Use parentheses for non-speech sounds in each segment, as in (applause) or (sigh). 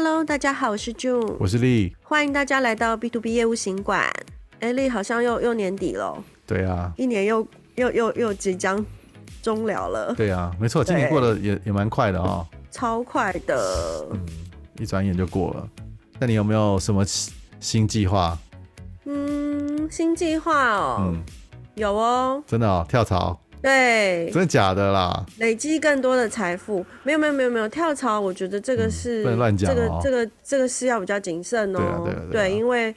Hello，大家好，我是 June，我是麗，歡迎大家來到 B to B 業務行館。欸，麗好像又又年底了，對啊，一年又又又又即將終了了，對啊，沒錯，今年過得也也蠻快的哦、喔，超快的，嗯，一轉眼就過了。那你有沒有什麼新計劃？嗯，新計劃哦，嗯，有哦、喔，真的哦、喔，跳槽。對，真的假的啦？累積更多的財富，沒有沒有沒有沒有跳槽，我覺得這個是不能亂講。這個這個這個是要比較謹慎哦。對啊、對啊、對、對啊，因為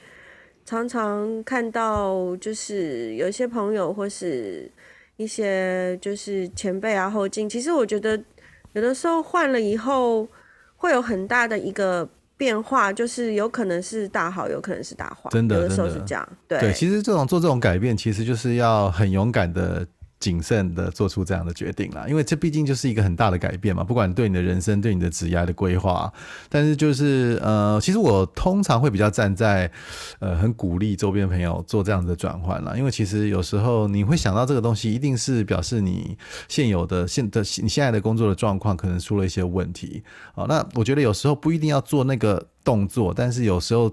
常常看到就是有一些朋友或是一些就是前輩啊後進，其實我覺得有的時候換了以後會有很大的一個變化，就是有可能是大好，有可能是大壞。真的，有的時候是這樣。對。對，其實這種做這種改變，其實就是要很勇敢的。謹慎的做出這樣的決定啦，因為，這畢竟就是一個很大的改變嘛，不管對你的人生、對你的職業的規劃，但是就是呃，其實我通常會比較站在呃，很鼓勵周邊朋友做這樣的轉換啦，因為其實有時候你會想到這個東西，一定是表示你現有的現的你現在的工作的狀況可能出了一些問題好，哦，那我覺得有時候不一定要做那個動作，但是有時候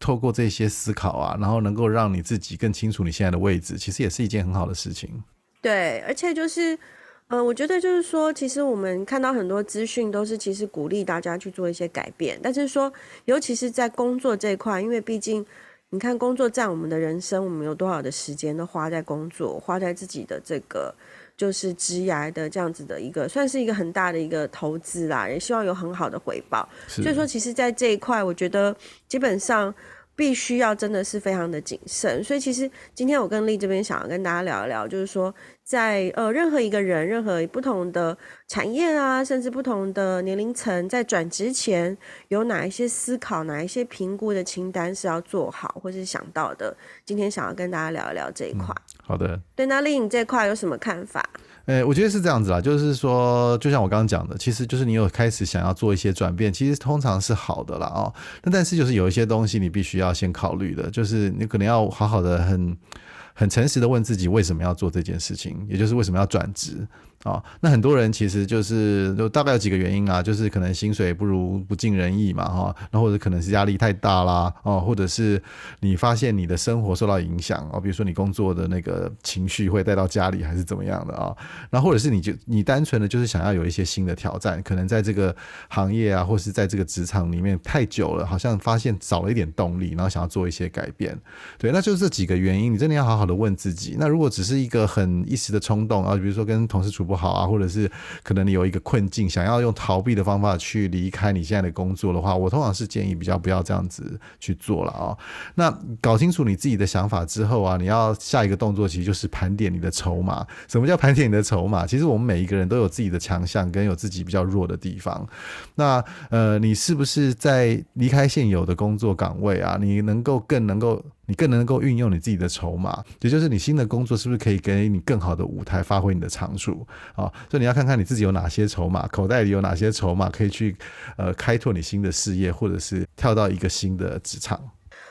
透過這些思考啊，然後能夠讓你自己更清楚你現在的位置，其實也是一件很好的事情。對，而且就是，呃，我覺得就是說，其實我們看到很多資訊都是其實鼓勵大家去做一些改變，但是說，尤其是在工作這一塊，因為畢竟你看，工作佔我們的人生，我們有多少的時間都花在工作，花在自己的這個就是職業的這樣子的一個，算是一個很大的一個投資啦，也希望有很好的回報。所以說，其實在這一塊，我覺得基本上。必須要真的是非常的謹慎，所以其實今天我跟麗這邊想要跟大家聊一聊，就是說在呃任何一個人、任何不同的產業啊，甚至不同的年齡層，在轉職前有哪一些思考、哪一些評估的清單是要做好或是想到的。今天想要跟大家聊一聊這一塊。嗯好的，對，那麗穎這塊有什麼看法？哎，我覺得是這樣子啦，就是說，就像我剛剛講的，其實就是你有開始想要做一些轉變，其實通常是好的啦、哦。啊。但是就是有一些東西你必須要先考慮的，就是你可能要好好的很。很誠實的問自己為什麼要做這件事情，也就是為什麼要轉職啊？那很多人其實就是就大概有幾個原因啊，就是可能薪水不如不盡人意嘛哈，那或者可能是壓力太大啦哦，或者是你發現你的生活受到影響哦，比如說你工作的那個情緒會帶到家裡還是怎麼樣的啊？那或者是你就你單純的就是想要有一些新的挑戰，可能在這個行業啊，或是在這個職場裡面太久了，好像發現少了一點動力，然後想要做一些改變。對，那就是這幾個原因，你真的要好好。問自己，那如果只是一個很一時的衝動啊，比如說跟同事處不好啊，或者是可能你有一個困境，想要用逃避的方法去離開你現在的工作的話，我通常是建議比較不要這樣子去做了啊哦。那搞清楚你自己的想法之後啊，你要下一個動作其實就是盤點你的籌碼。什麼叫盤點你的籌碼？其實我們每一個人都有自己的強項跟有自己比較弱的地方。那呃，你是不是在離開現有的工作崗位啊？你能夠更能夠。你更能夠運用你自己的籌碼，也就是你新的工作是不是可以給你更好的舞台，發揮你的長處好，哦，所以你要看看你自己有哪些籌碼，口袋裡有哪些籌碼可以去，呃，開拓你新的事業，或者是跳到一個新的職場。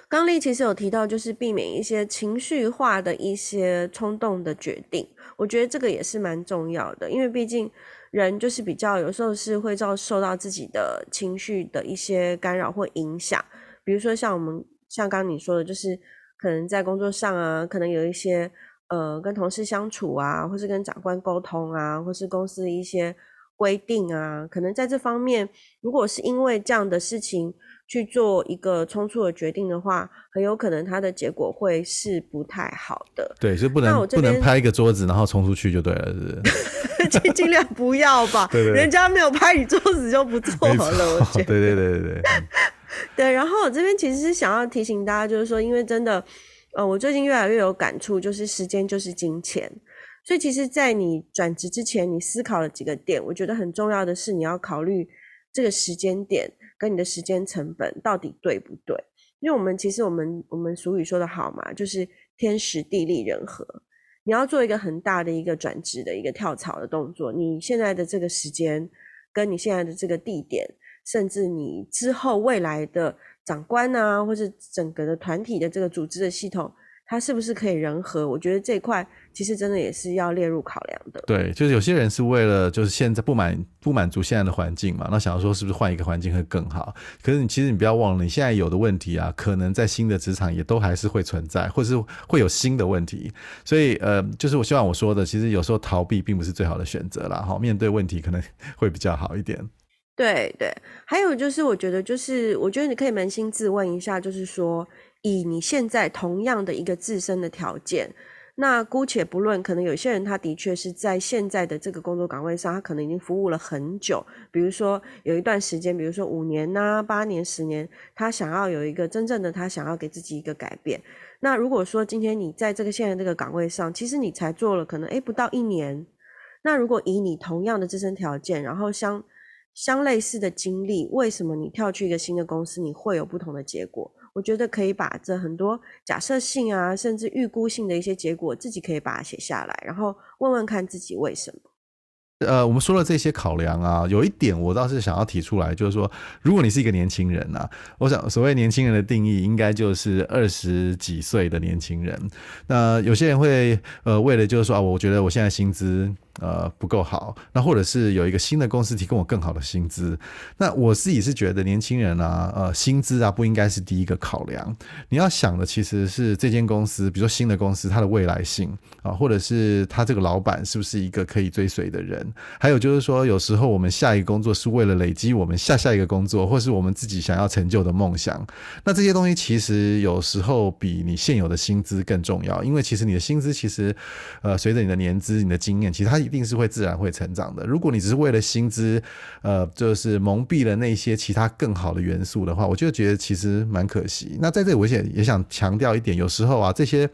剛麗其實有提到，就是避免一些情緒化的一些衝動的決定，我覺得這個也是蠻重要的，因為畢竟人就是比較有時候是會遭受到自己的情緒的一些干擾或影響，比如說像我們。像剛你說的，就是可能在工作上啊，可能有一些呃跟同事相處啊，或是跟長官溝通啊，或是公司的一些規定啊，可能在這方面，如果是因為這樣的事情去做一個衝突的決定的話，很有可能他的結果會是不太好的。對，是不能，不能拍一個桌子然後衝出去就對了，是不是？盡 (laughs) 量不要吧。 (laughs) 對，對，對，人家沒有拍你桌子就不做了，我覺得。對對對對對 (laughs) 。對，然後我這邊其實是想要提醒大家，就是說，因為真的，呃，我最近越來越有感觸，就是時間就是金錢，所以其實，在你轉職之前，你思考了幾個點，我覺得很重要的是，你要考慮這個時間點跟你的時間成本到底對不對？因為我們其實，我們我們俗語說得好嘛，就是天時地利人和，你要做一個很大的一個轉職的一個跳槽的動作，你現在的這個時間跟你現在的這個地點。甚至你之後未來的長官啊，或是整個的團體的這個組織的系統，它是不是可以人和？我覺得這一塊其實真的也是要列入考量的。對，就是有些人是為了就是現在不滿不滿足現在的環境嘛，那想要說是不是換一個環境會更好？可是你其實你不要忘了，你現在有的問題啊，可能在新的職場也都還是會存在，或是會有新的問題。所以呃，就是我希望我說的，其實有時候逃避並不是最好的選擇啦，好，面對問題可能會比較好一點。對對，還有就是，我覺得就是，我覺得你可以捫心自問一下，就是說，以你現在同樣的一個自身的條件，那姑且不論，可能有些人他的確是在現在的這個工作崗位上，他可能已經服務了很久，比如說有一段時間，比如說五年吶、啊、八年、十年，他想要有一個真正的，他想要給自己一個改變。那如果說今天你在這個現在這個崗位上，其實你才做了可能誒不到一年，那如果以你同樣的自身條件，然後相。相類似的經歷，為什麼你跳去一個新的公司，你會有不同的結果？我覺得可以把這很多假設性啊，甚至預估性的一些結果，自己可以把它寫下來，然後問問看自己為什麼。呃，我們說了這些考量啊，有一點我倒是想要提出來，就是說，如果你是一個年輕人啊，我想所謂年輕人的定義，應該就是二十幾歲的年輕人。那有些人會呃，為了就是說啊，我覺得我現在薪資。呃，不夠好，那或者是有一個新的公司提供我更好的薪資，那我自己是覺得年輕人啊，呃，薪資啊不應該是第一個考量，你要想的其實是這間公司，比如說新的公司它的未來性啊，呃，或者是他這個老闆是不是一個可以追隨的人，還有就是說有時候我們下一個工作是為了累積我們下下一個工作，或是我們自己想要成就的夢想，那這些東西其實有時候比你現有的薪資更重要，因為其實你的薪資其實，呃，隨着你的年資、你的經驗，其實它。一定是會自然會成長的。如果你只是為了薪資，呃，就是蒙蔽了那些其他更好的元素的話，我就覺得其實蠻可惜。那在這裡我，我也想強調一點，有時候啊，這些。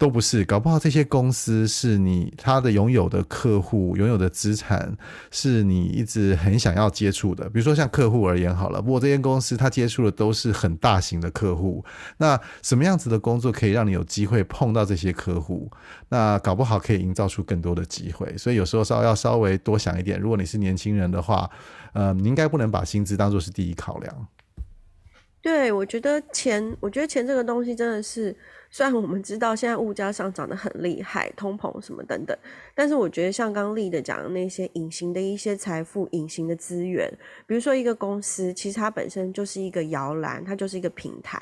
都不是，搞不好這些公司是你他的擁有的客戶擁有的資產，是你一直很想要接觸的。比如說像客戶而言好了，不過這間公司他接觸的都是很大型的客戶。那什麼樣子的工作可以讓你有機會碰到這些客戶？那搞不好可以營造出更多的機會。所以有時候稍要稍微多想一點，如果你是年輕人的話，呃，你應該不能把薪資當作是第一考量。對，我覺得錢，我覺得錢這個東西真的是，雖然我們知道現在物價上漲得很厲害，通膨什麼等等，但是我覺得像剛剛麗的講的那些隱形的一些財富、隱形的資源，比如說一個公司，其實它本身就是一個搖籃，它就是一個平台，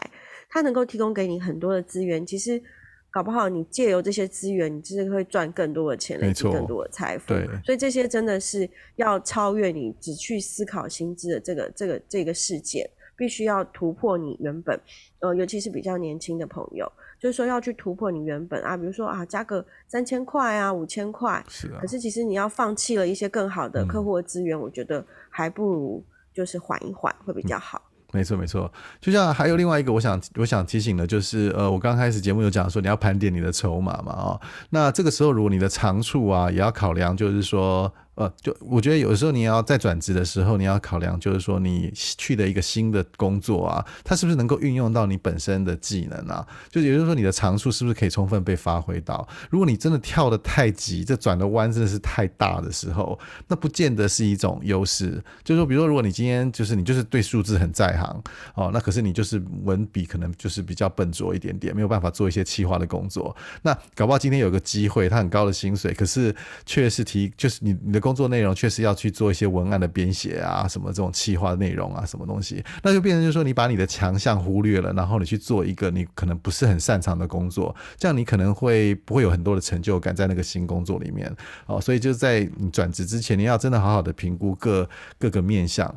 它能夠提供給你很多的資源。其實搞不好你借由這些資源，你真的會賺更多的錢，累積更多的財富。對，所以這些真的是要超越你只去思考薪資的這個、這個、這個世界。必須要突破你原本，呃，尤其是比較年輕的朋友，就是說要去突破你原本啊，比如說啊，加個三千塊啊，五千塊，是啊。可是其實你要放棄了一些更好的客戶的資源，嗯，我覺得還不如就是緩一緩會比較好。沒、嗯、錯、嗯，沒錯。就像還有另外一個，我想我想提醒的，就是呃，我剛開始節目有講說你要盤點你的籌碼嘛，啊、哦，那這個時候如果你的長處啊也要考量，就是說。呃，就我覺得有時候你要在轉職的時候，你要考量，就是說你去的一個新的工作啊，它是不是能夠運用到你本身的技能啊？就也就是說你的長處是不是可以充分被發揮到？如果你真的跳得太急，這轉的彎真的是太大的時候，那不見得是一種優勢。就是說，比如說，如果你今天就是你就是對數字很在行哦，那可是你就是文筆可能就是比較笨拙一點點，沒有辦法做一些企劃的工作。那搞不好今天有個機會，他很高的薪水，可是確實提就是你你的工。工作內容確實要去做一些文案的編寫啊，什麼這種企劃內容啊，什麼東西，那就變成就是說你把你的強項忽略了，然後你去做一個你可能不是很擅長的工作，這樣你可能會不會有很多的成就感在那個新工作裡面哦，所以就在你轉職之前，你要真的好好的評估各各個面向。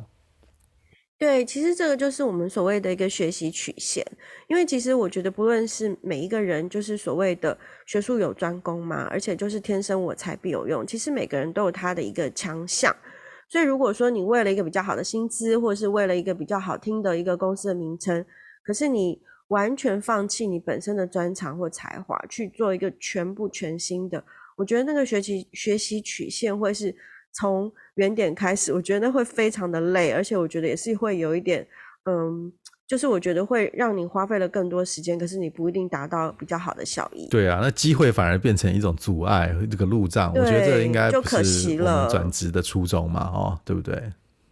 對，其實這個就是我們所謂的一個學習曲線。因為其實我覺得，不論是每一個人，就是所謂的學術有專攻嘛，而且就是天生我材必有用。其實每個人都有他的一個強項，所以如果說你為了一個比較好的薪資，或者是為了一個比較好聽的一個公司的名稱，可是你完全放棄你本身的專長或才華，去做一個全部全新的，我覺得那個學習學習曲線會是，從原點開始，我覺得會非常的累，而且我覺得也是會有一點，嗯，就是我覺得會讓你花費了更多時間，可是你不一定達到比較好的效益。對啊，那機會反而變成一種阻礙，這個路障。我覺得這應該就可惜了轉職的初衷嘛，哦，對不對？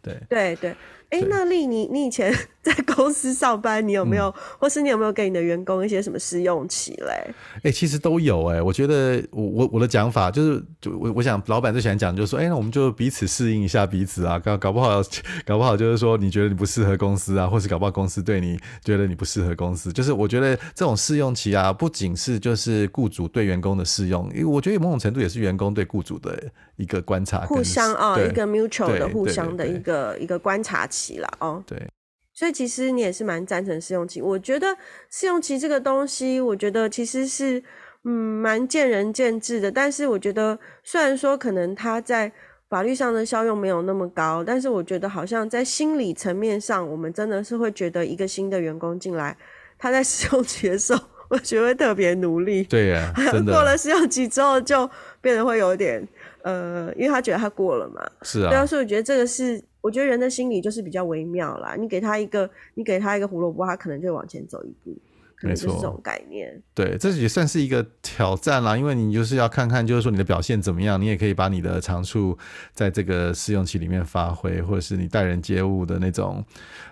對對對。對哎、欸，那麗，你你以前在公司上班，你有沒有、 (laughs) 嗯，或是你有沒有給你的員工一些什麼試用期嘞？哎、欸，其實都有哎、欸。我覺得我我我的講法就是，就我我想，老闆最喜歡講就是說，哎、欸，那我們就彼此適應一下彼此啊，搞搞不好，搞不好就是說你覺得你不適合公司啊，或是搞不好公司對你覺得你不適合公司。就是我覺得這種試用期啊，不僅是就是僱主對員工的試用，因、欸、為我覺得某種程度也是員工對僱主的一個觀察期，互相啊，一個 mutual 的互相的一個對對對對，一個觀察期。期哦，對，所以其實你也是蠻贊成試用期。我覺得試用期這個東西，我覺得其實是嗯蠻見仁見智的。但是我覺得，雖然說可能他在法律上的效用沒有那麼高，但是我覺得好像在心理層面上，我們真的是會覺得一個新的員工進來，他在試用期的時候，我覺得會特別努力。對啊，過了試用期之後就變得會有點呃，因為他覺得他過了嘛。是啊。對啊，所以我覺得這個是。我覺得人的心理就是比較微妙啦，你給他一個，你給他一個胡蘿蔔，他可能就會往前走一步，可能就是這種概念。沒錯，對，這也算是一個挑戰啦，因為你就是要看看，就是說你的表現怎麼樣。你也可以把你的長處在這個試用期裡面發揮，或者是你待人接物的那種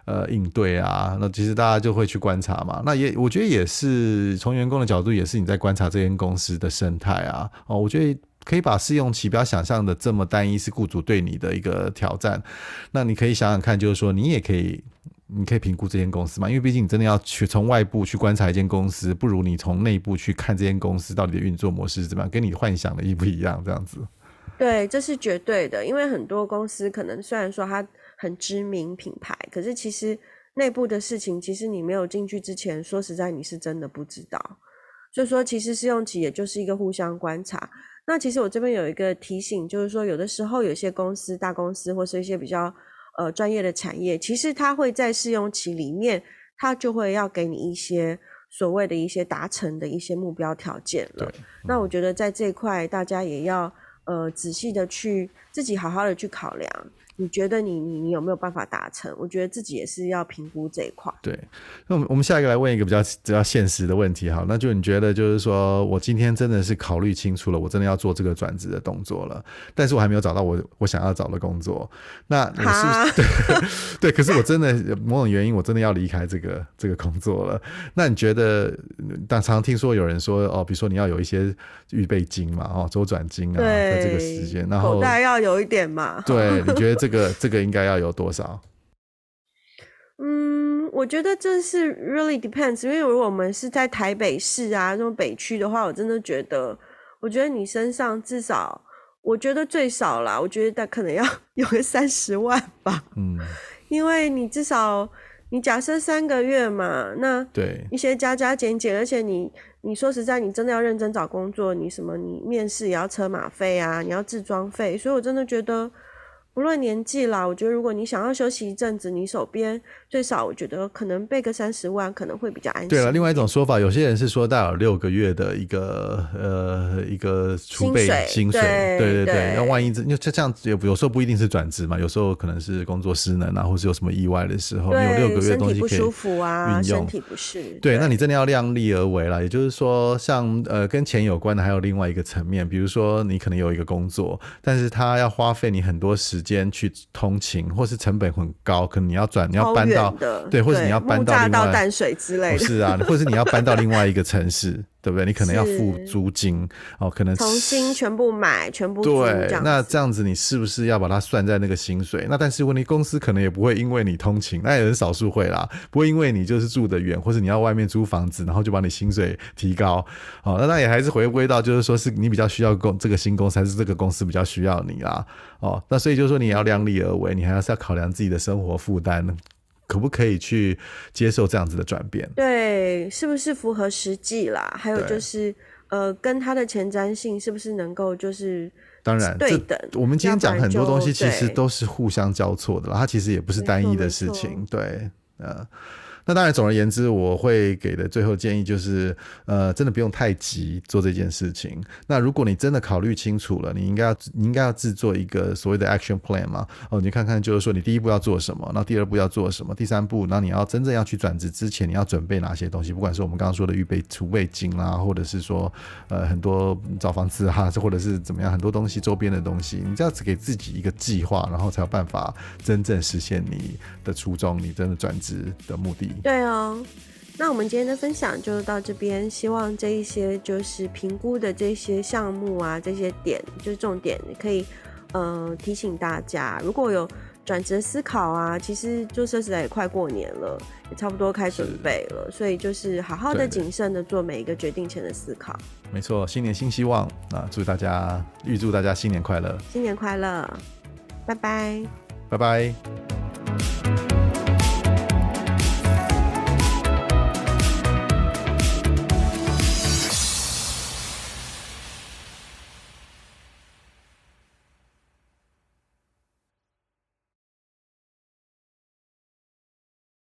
呃應對啊。那其實大家就會去觀察嘛。那也我覺得也是從員工的角度，也是你在觀察這間公司的生態啊。哦，我覺得。可以把試用期不要想象的這麼單一，是僱主對你的一個挑戰。那你可以想想看，就是說你也可以，你可以評估這間公司嘛，因為畢竟你真的要去從外部去觀察一間公司，不如你從內部去看這間公司到底的運作模式是怎麼樣，跟你幻想的一不一樣，這樣子。對，這是絕對的，因為很多公司可能雖然說它很知名品牌，可是其實內部的事情，其實你沒有進去之前，說實在你是真的不知道。所以說，其實試用期也就是一個互相觀察。那其實我這邊有一個提醒，就是說有的時候有些公司、大公司或是一些比較呃專業的產業，其實它會在試用期裡面，它就會要給你一些所謂的一些達成的一些目標條件了。那我覺得在這一塊大家也要呃仔細的去自己好好的去考量。你覺得你你你有沒有辦法達成？我覺得自己也是要評估這一塊。對，那我們我們下一個來問一個比較比較現實的問題，哈。那就你覺得就是說我今天真的是考慮清楚了，我真的要做這個轉職的動作了，但是我還沒有找到我我想要找的工作。那你是不是？對， (laughs) 對，可是我真的某種原因我真的要離開這個這個工作了。那你覺得？當常聽說有人說哦，比如說你要有一些預備金嘛，哦，週轉金啊，在這個時間，然後口袋要有一點嘛。對，你覺得這個？這個這個應該要有多少？嗯，我覺得這是 really depends。因為如果我們是在台北市啊，這種北區的話，我真的覺得，我覺得你身上至少，我覺得最少啦，我覺得可能要有個三十萬吧。嗯，因為你至少你假設三個月嘛，那對一些加加減減，而且你你說實在，你真的要認真找工作，你什麼你面試也要車馬費啊，你要置裝費，所以我真的覺得。不論年紀啦，我覺得如果你想要休息一陣子，你手邊最少我覺得可能備個三十萬可能會比較安心。對了，另外一種說法，有些人是說帶有六個月的一個呃一個儲備薪水，薪，水薪水，對對對。對對對對，那萬一這因為，這樣子，有有時候不一定是轉職嘛，有時候可能是工作失能啊，或是有什麼意外的時候，你有六個月的東西可以運用，身體不舒服啊，身體不適。對，那你真的要量力而為啦。也就是說像，像呃跟錢有關的還有另外一個層面，比如說你可能有一個工作，但是他要花費你很多時間。間去通勤，或是成本很高，可能你要轉，你要搬到對，或者你要搬到另外淡水之類的，不是啊！ (laughs) 或是你要搬到另外一個城市。對不對？你可能要付租金哦，可能重新全部買全部住。那這樣子，你是不是要把它算在那個薪水？那但是問題你公司可能也不會因為你通勤，那也很少數會啦，不會因為你就是住得遠或是你要外面租房子，然後就把你薪水提高。哦，那那也還是回歸到就是說是你比較需要公這個新公司還是這個公司比較需要你啦、啊。哦，那所以就是說你也要量力而為，你還是要考量自己的生活負擔呢。可不可以去接受這樣子的轉變？對，是不是符合實際啦？還有就是，呃，跟它的前瞻性是不是能夠就是對等？當然，這，我們今天講很多東西，其實都是互相交錯的啦。它其實也不是單一的事情，對，對，呃。那當然，總而言之，我會給的最後建議就是，呃，真的不用太急做這件事情。那如果你真的考慮清楚了，你應該要你應該要製作一個所謂的 action plan 嘛。哦，你看看，就是說你第一步要做什麼，那第二步要做什麼，第三步，那你要真正要去轉職之前，你要準備哪些東西？不管是我們剛剛說的預備儲備金啦、啊，或者是說，呃，很多找房子哈、啊，或者是怎麼樣，很多東西周邊的東西，你這樣子給自己一個計劃，然後才有辦法真正實現你的初衷，你真的轉職的目的。對哦，那我們今天的分享就到這邊。希望這一些就是評估的這些項目啊，這些點就是重點，可以呃提醒大家。如果有轉職思考啊，其實就說實在也快過年了，也差不多開始準備了，所以就是好好的、謹慎的做每一個決定前的思考。對對沒錯，新年新希望啊，祝大家預祝大家新年快樂，新年快樂，拜拜，拜拜。